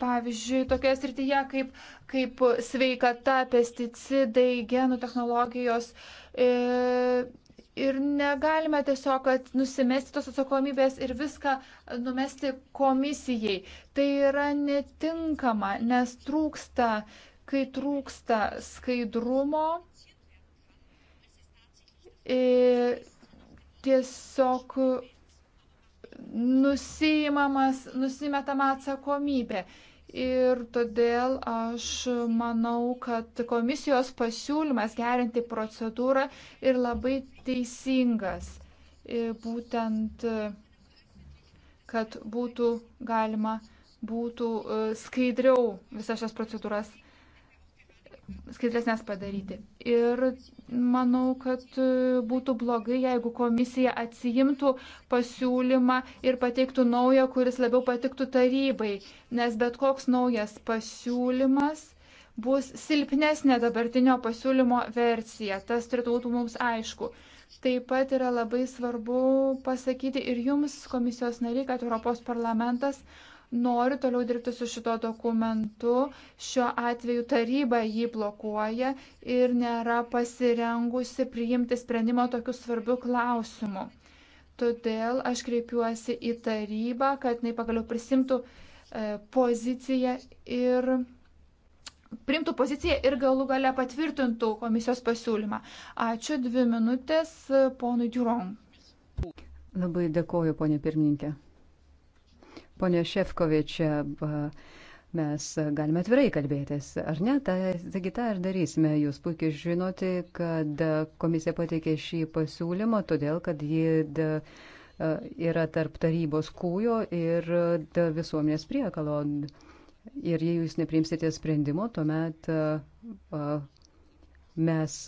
pavyzdžiui, tokioje srityje kaip, kaip sveikata, pesticidai, genų technologijos. E, ir negalime tiesiog, kad nusimesti tos atsakomybės ir viską numesti komisijai. Tai yra netinkama, nes trūksta, kai trūksta skaidrumo. E, tiesiog nusijimamas, nusimetama atsakomybė. Ir todėl aš manau, kad komisijos pasiūlymas gerinti procedūrą ir labai teisingas. E, būtent, e, kad būtų galima būtų e, skaidriau visas šias procedūras skaidresnės padaryti. Ir manau, kad e, būtų blogai, jeigu komisija atsijimtų pasiūlymą ir pateiktų naują, kuris labiau patiktų tarybai, nes bet koks naujas pasiūlymas bus silpnesnė dabartinio pasiūlymo versija. Tas turėtų būti mums aišku. Taip pat yra labai svarbu pasakyti ir jums, komisijos nariai, kad Europos parlamentas nori toliau dirbti su šito dokumentu. Šiuo atveju taryba jį blokuoja ir nėra pasirengusi priimti sprendimą tokiu svarbiu klausimu. Todėl aš kreipiuosi į tarybą, kad jinai pagaliau prisimtų e, poziciją ir primtų poziciją ir galų gale patvirtintų komisijos pasiūlymą. Ačiū dvi minutės e, ponui Durom. Labai dėkoju, ponė pirmininkė. Pone Šefkovičia, mes galime atvirai kalbėtis, ar ne? Taigi tą ir darysime. Jūs puikiai žinote, kad komisija pateikė šį pasiūlymą, todėl kad ji yra tarp tarybos kūjo ir visuomenės priekalo. Ir jei jūs neprimsite sprendimo, tuomet mes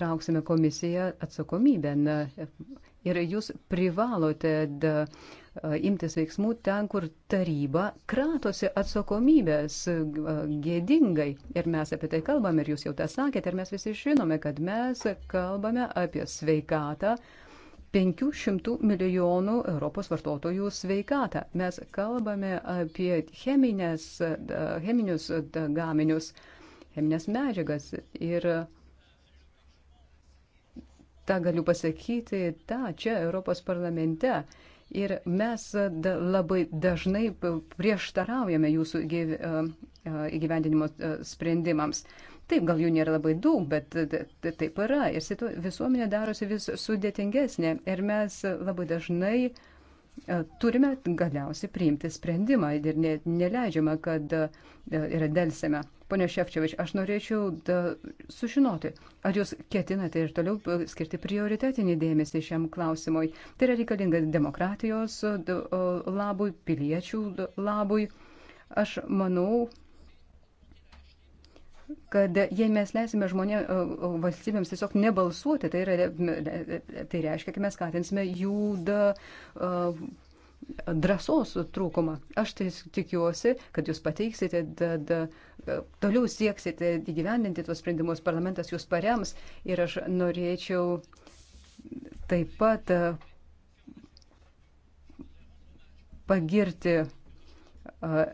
trauksime komisiją atsakomybę. Ir jūs privalote. Da, E, imtis veiksmų ten, kur taryba kratosi atsakomybės e, gėdingai. Ir mes apie tai kalbame, ir jūs jau tą sakėte, ir mes visi žinome, kad mes kalbame apie sveikatą. 500 milijonų Europos vartotojų sveikatą. Mes kalbame apie cheminės, e, cheminius gaminius, cheminės medžiagas ir tą galiu pasakyti tą čia Europos parlamente. Ir mes da, labai dažnai prieštaraujame jūsų įgyvendinimo sprendimams. Taip, gal jų nėra labai daug, bet taip yra. Ir visuomenė darosi vis sudėtingesnė. Ir mes labai dažnai uh, E, turime galiausiai priimti sprendimą ir ne, neleidžiama, kad e, yra dėlsime. Pone Šefčiovič, aš norėčiau da, sužinoti, ar jūs ketinate ir toliau e, skirti prioritetinį dėmesį šiam klausimui. Tai yra reikalinga demokratijos da, labui, piliečių da, labui. Aš manau, kad jei mes leisime žmonė, e, e, valstybėms tiesiog nebalsuoti, tai, yra, tai reiškia, kad mes skatinsime jų da, e, drąsos trūkumą. Aš tai tikiuosi, kad jūs pateiksite, da, da, toliau sieksite įgyvendinti tuos sprendimus, parlamentas jūs parems ir aš norėčiau taip pat pagirti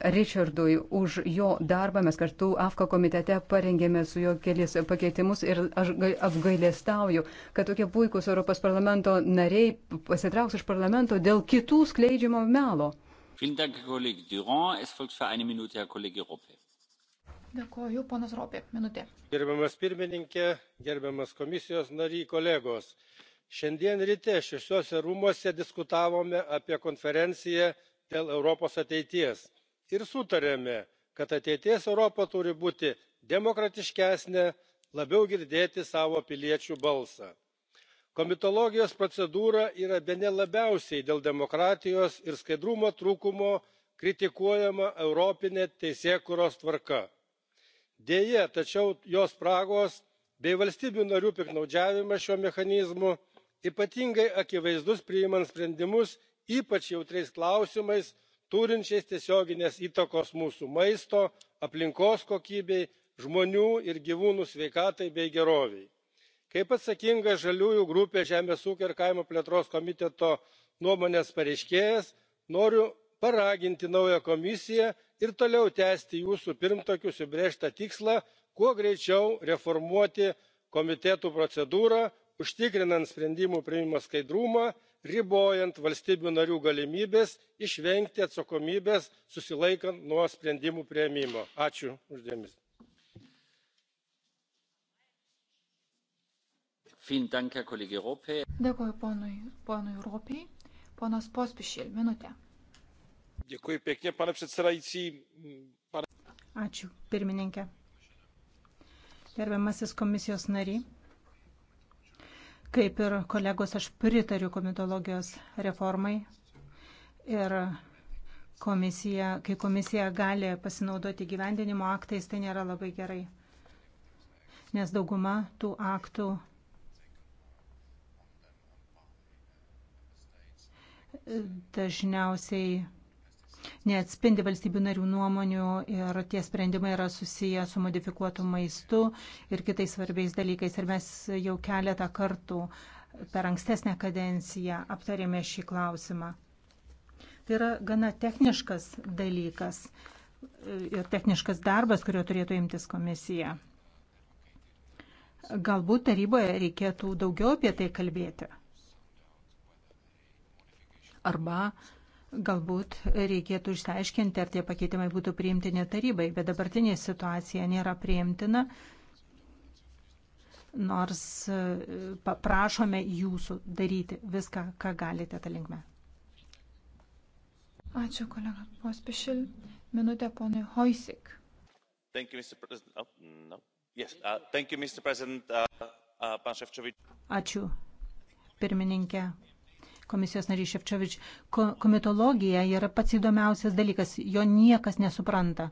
Richardui už jo darbą. Mes kartu AFKA komitete parengėme su jo kelis pakeitimus ir aš apgailėstauju, kad tokie puikūs Europos parlamento nariai pasitrauks iš parlamento dėl kitų skleidžiamo melo. Dėkoju, ponas Ropė. Minutė. Gerbiamas pirmininkė, gerbiamas komisijos nariai, kolegos šiandien ryte šiuose rūmuose diskutavome apie konferenciją dėl europos ateities ir sutarėme kad ateities europa turi būti demokratiškesnė labiau girdėti savo piliečių balsą. komitologijos procedūra yra bene labiausiai dėl demokratijos ir skaidrumo trūkumo kritikuojama europinė teisėkūros tvarka. deja tačiau jos spragos bei valstybių narių piktnaudžiavimas šiuo mechanizmu ypatingai akivaizdus priimant sprendimus ypač jautriais klausimais turinčiais tiesioginės įtakos mūsų maisto aplinkos kokybei žmonių ir gyvūnų sveikatai bei gerovei. kaip atsakingas žaliųjų grupės žemės ūkio ir kaimo plėtros komiteto nuomonės pareiškėjas noriu paraginti naują komisiją ir toliau tęsti jūsų pirmtakių užsibrėžtą tikslą kuo greičiau reformuoti komitetų procedūrą užtikrinant sprendimų priėmimo skaidrumą ribojant valstybių narių galimybes išvengti atsakomybės susilaikant nuo sprendimų priėmimo. ačiū už dėmesį. dėkoju ponui ropei. ponas pospíšil minutė. pane předsedající pane. ačiū pirmininke. gerbiamasis komisijos nary Kaip ir kolegos, aš pritariu komitologijos reformai ir komisija, kai komisija gali pasinaudoti gyvendinimo aktais, tai nėra labai gerai. Nes dauguma tų aktų dažniausiai neatspindi valstybių narių nuomonių ir tie sprendimai yra susiję su modifikuotu maistu ir kitais svarbiais dalykais. Ir mes jau keletą kartų per ankstesnę kadenciją aptarėme šį klausimą. Tai yra gana techniškas dalykas ir techniškas darbas, kurio turėtų imtis komisija. Galbūt taryboje reikėtų daugiau apie tai kalbėti. Arba uh, Galbūt reikėtų išsiaiškinti, ar tie pakeitimai būtų priimtini tarybai, bet dabartinė situacija nėra priimtina, nors e, paprašome jūsų daryti viską, ką galite tą linkmę. Ačiū, kolega Pospišil. Minutė ponui Hoisik. Oh, uh, uh, uh, Ačiū, pirmininkė, komisijos narys Ševčiovič, komitologija yra pats įdomiausias dalykas, jo niekas nesupranta,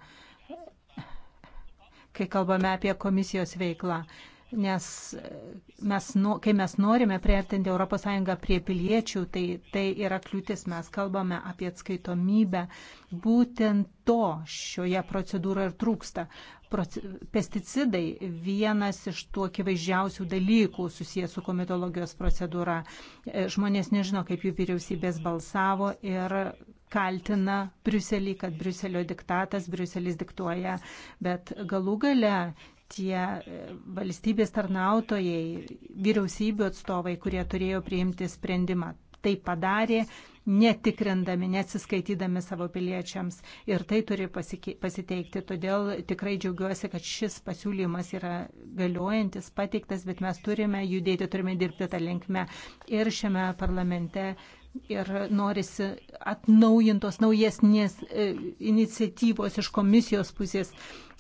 kai kalbame apie komisijos veiklą nes mes, kai mes norime priartinti ES prie piliečių, tai tai yra kliūtis, mes kalbame apie atskaitomybę. Būtent to šioje procedūroje ir trūksta. Pesticidai vienas iš tų akivaizdžiausių dalykų susijęs su komitologijos procedūra. E, žmonės nežino, kaip jų vyriausybės balsavo ir kaltina Briuselį, kad Briuselio diktatas, Briuselis diktuoja, bet galų gale tie e, valstybės tarnautojai, vyriausybių atstovai, kurie turėjo priimti sprendimą. Tai padarė netikrindami, nesiskaitydami savo piliečiams. Ir tai turi pasiteikti. Todėl tikrai džiaugiuosi, kad šis pasiūlymas yra galiojantis, pateiktas, bet mes turime judėti, turime dirbti tą linkmę. Ir šiame parlamente ir norisi atnaujintos naujesnės e, iniciatyvos iš komisijos pusės.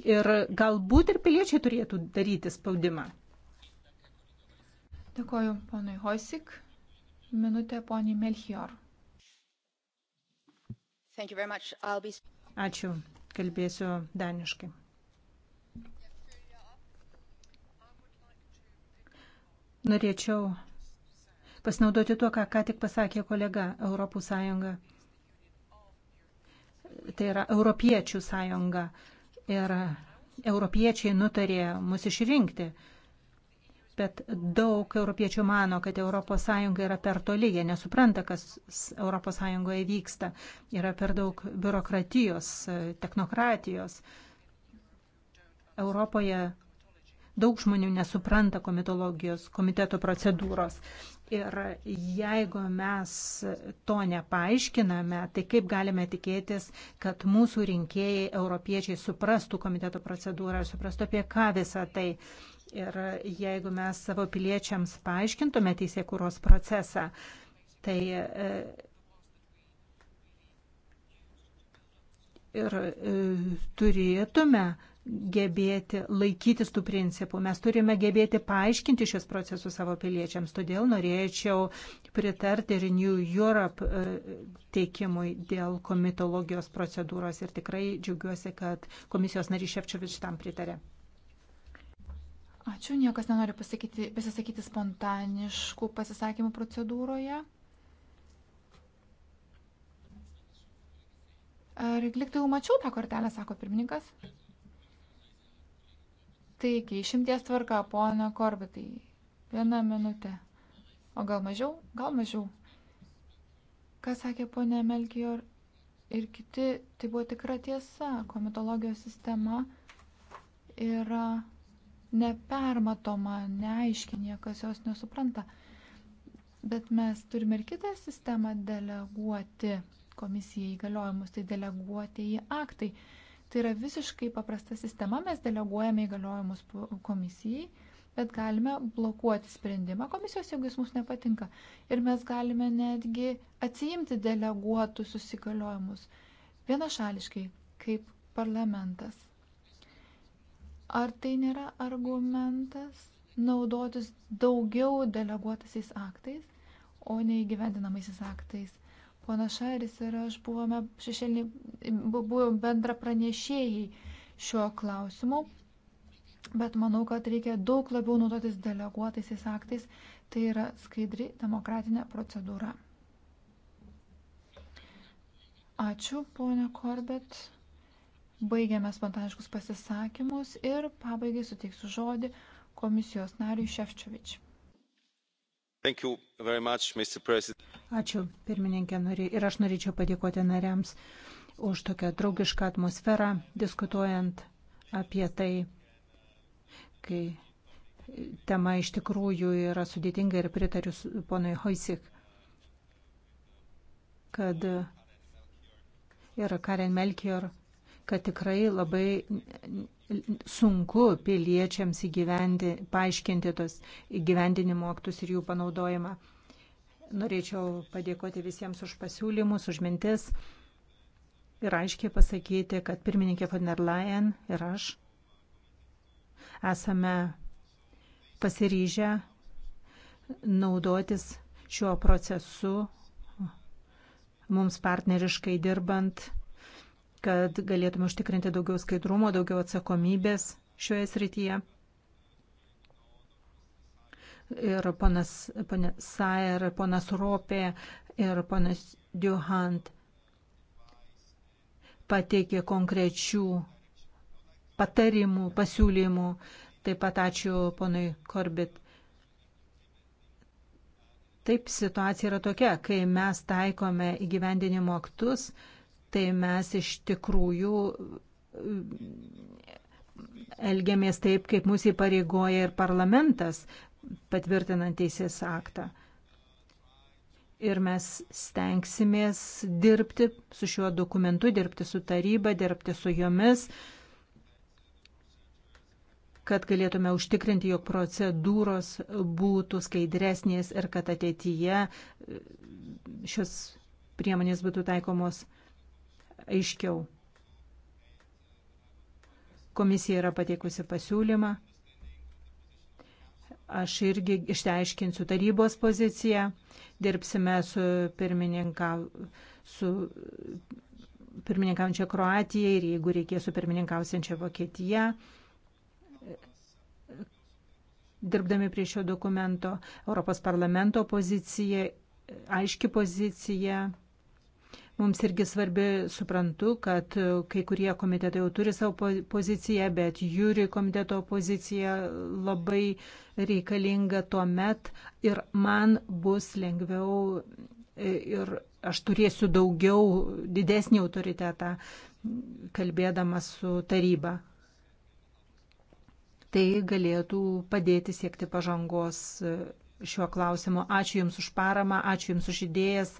Ir galbūt ir piliečiai turėtų daryti spaudimą. Dėkoju ponui Hoisik. Minutė poniai Melchior. Be... Ačiū. Kalbėsiu daniškai. Norėčiau pasinaudoti tuo, ką ką tik pasakė kolega Europos Sąjunga. Tai yra Europiečių sąjunga. Ir europiečiai nutarė mus išrinkti. Bet daug europiečių mano, kad ES yra per toli, jie nesupranta, kas ES vyksta. Yra per daug biurokratijos, technokratijos. Europoje Daug žmonių nesupranta komitologijos komiteto procedūros. Ir jeigu mes to nepaaiškiname, tai kaip galime tikėtis, kad mūsų rinkėjai, europiečiai suprastų komiteto procedūrą ir suprastų apie ką visą tai. Ir jeigu mes savo piliečiams paaiškintume teisėkūros procesą, tai e, ir e, turėtume gebėti laikytis tų principų, mes turime gebėti paaiškinti šios procesus savo piliečiams. Todėl norėčiau pritarti ir New Europe e, teikimui dėl komitologijos procedūros ir tikrai džiaugiuosi, kad komisijos narys Ševčiovič tam pritarė. Ačiū, niekas nenori pasakyti, pasisakyti spontaniškų pasisakymų procedūroje. Ar liktai jau mačiau tą kortelę, sako pirmininkas? Taigi, išimties tvarka, pona Korbitai. Vieną minutę. O gal mažiau? Gal mažiau. Ką sakė ponė Melkior ir kiti, tai buvo tikra tiesa. Komitologijos sistema yra nepermatoma, neaiški, niekas jos nesupranta. Bet mes turime ir kitą sistemą deleguoti komisijai įgaliojimus, tai deleguoti į aktai. Tai Tai yra visiškai paprasta sistema, mes deleguojame įgaliojimus komisijai, bet galime blokuoti sprendimą komisijos, jeigu jis mums nepatinka. Ir mes galime netgi atsiimti deleguotus susigaliojimus vienašališkai, kaip parlamentas. Ar tai nėra argumentas naudotis daugiau deleguotaisiais aktais, o neįgyvendinamaisiais aktais? Pona Šairis ir aš buvome šešėlį, buvom bendra pranešėjai šiuo klausimu, bet manau, kad reikia daug labiau naudotis deleguotaisiais aktais, tai yra skaidri demokratinė procedūra. Ačiū, ponia Korbet. Baigiame spontaniškus pasisakymus ir pabaigai suteiksiu žodį komisijos nariui Šefčiovič. Much, Ačiū, pirmininkė, norė... ir aš norėčiau padėkoti nariams už tokią draugišką atmosferą, diskutuojant apie tai, kai tema iš tikrųjų yra sudėtinga ir pritariu ponui Hoisik, kad ir Karen Melkior, kad tikrai labai sunku piliečiams įgyvendi, paaiškinti tos įgyvendinimo aktus ir jų panaudojimą. Norėčiau padėkoti visiems už pasiūlymus, už mintis ir aiškiai pasakyti, kad pirmininkė von der Leyen ir aš esame pasiryžę naudotis šiuo procesu, mums partneriškai dirbant, kad galėtume užtikrinti daugiau skaidrumo, daugiau atsakomybės šioje srityje ir ponas, ponas Sair, ponas Ropė ir ponas Duhant pateikė konkrečių patarimų, pasiūlymų. Taip pat ačiū ponui Korbit. Taip situacija yra tokia, kai mes taikome įgyvendinimo aktus, tai mes iš tikrųjų e, elgiamės taip, kaip mūsų įpareigoja ir parlamentas patvirtinant teisės aktą. Ir mes stengsimės dirbti su šiuo dokumentu, dirbti su taryba, dirbti su jomis, kad galėtume užtikrinti, jog procedūros būtų skaidresnės ir kad ateityje šios priemonės būtų taikomos aiškiau. Komisija yra pateikusi pasiūlymą Aš irgi išteiškinsiu tarybos poziciją, dirbsime su, pirmininka, su pirmininkaujančia Kroatija ir jeigu reikės su pirmininkausiančia Vokietija dirbdami prie šio dokumento, Europos parlamento pozicija, aiški pozicija mums irgi svarbi, suprantu, kad kai kurie komitetai jau turi savo poziciją, bet jūri komiteto pozicija labai reikalinga tuo met ir man bus lengviau e, ir aš turėsiu daugiau, didesnį autoritetą kalbėdama su taryba. Tai galėtų padėti siekti pažangos e, šiuo klausimu. Ačiū Jums už paramą, ačiū Jums už idėjas.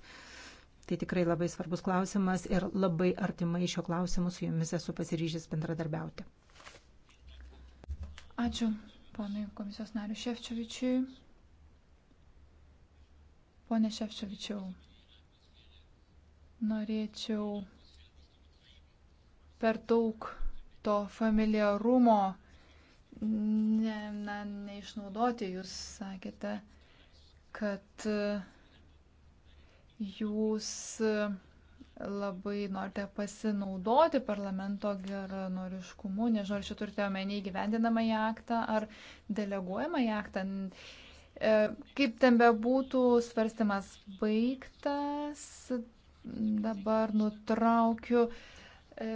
Tai tikrai labai svarbus klausimas ir labai artimai šio klausimu su jumis esu pasiryžęs bendradarbiauti. Ačiū ponui komisijos nariu Ševčiovičiui. Pone Ševčiovičiau, norėčiau per daug to familiarumo ne, na, neišnaudoti. Jūs sakėte, kad uh, jūs e, labai norite pasinaudoti parlamento geranoriškumu, nežinau, ar čia turite omeny gyvendinamą į aktą ar deleguojamą į aktą. E, kaip ten bebūtų, svarstymas baigtas, dabar nutraukiu. E,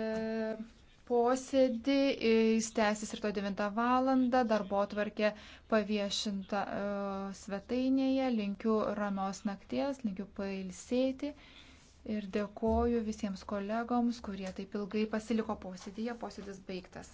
posėdį, jis tęsis ir to 9 val. darbo atvarkė paviešinta e, svetainėje. Linkiu ramios nakties, linkiu pailsėti ir dėkoju visiems kolegoms, kurie taip ilgai pasiliko posėdėje. Posėdis baigtas.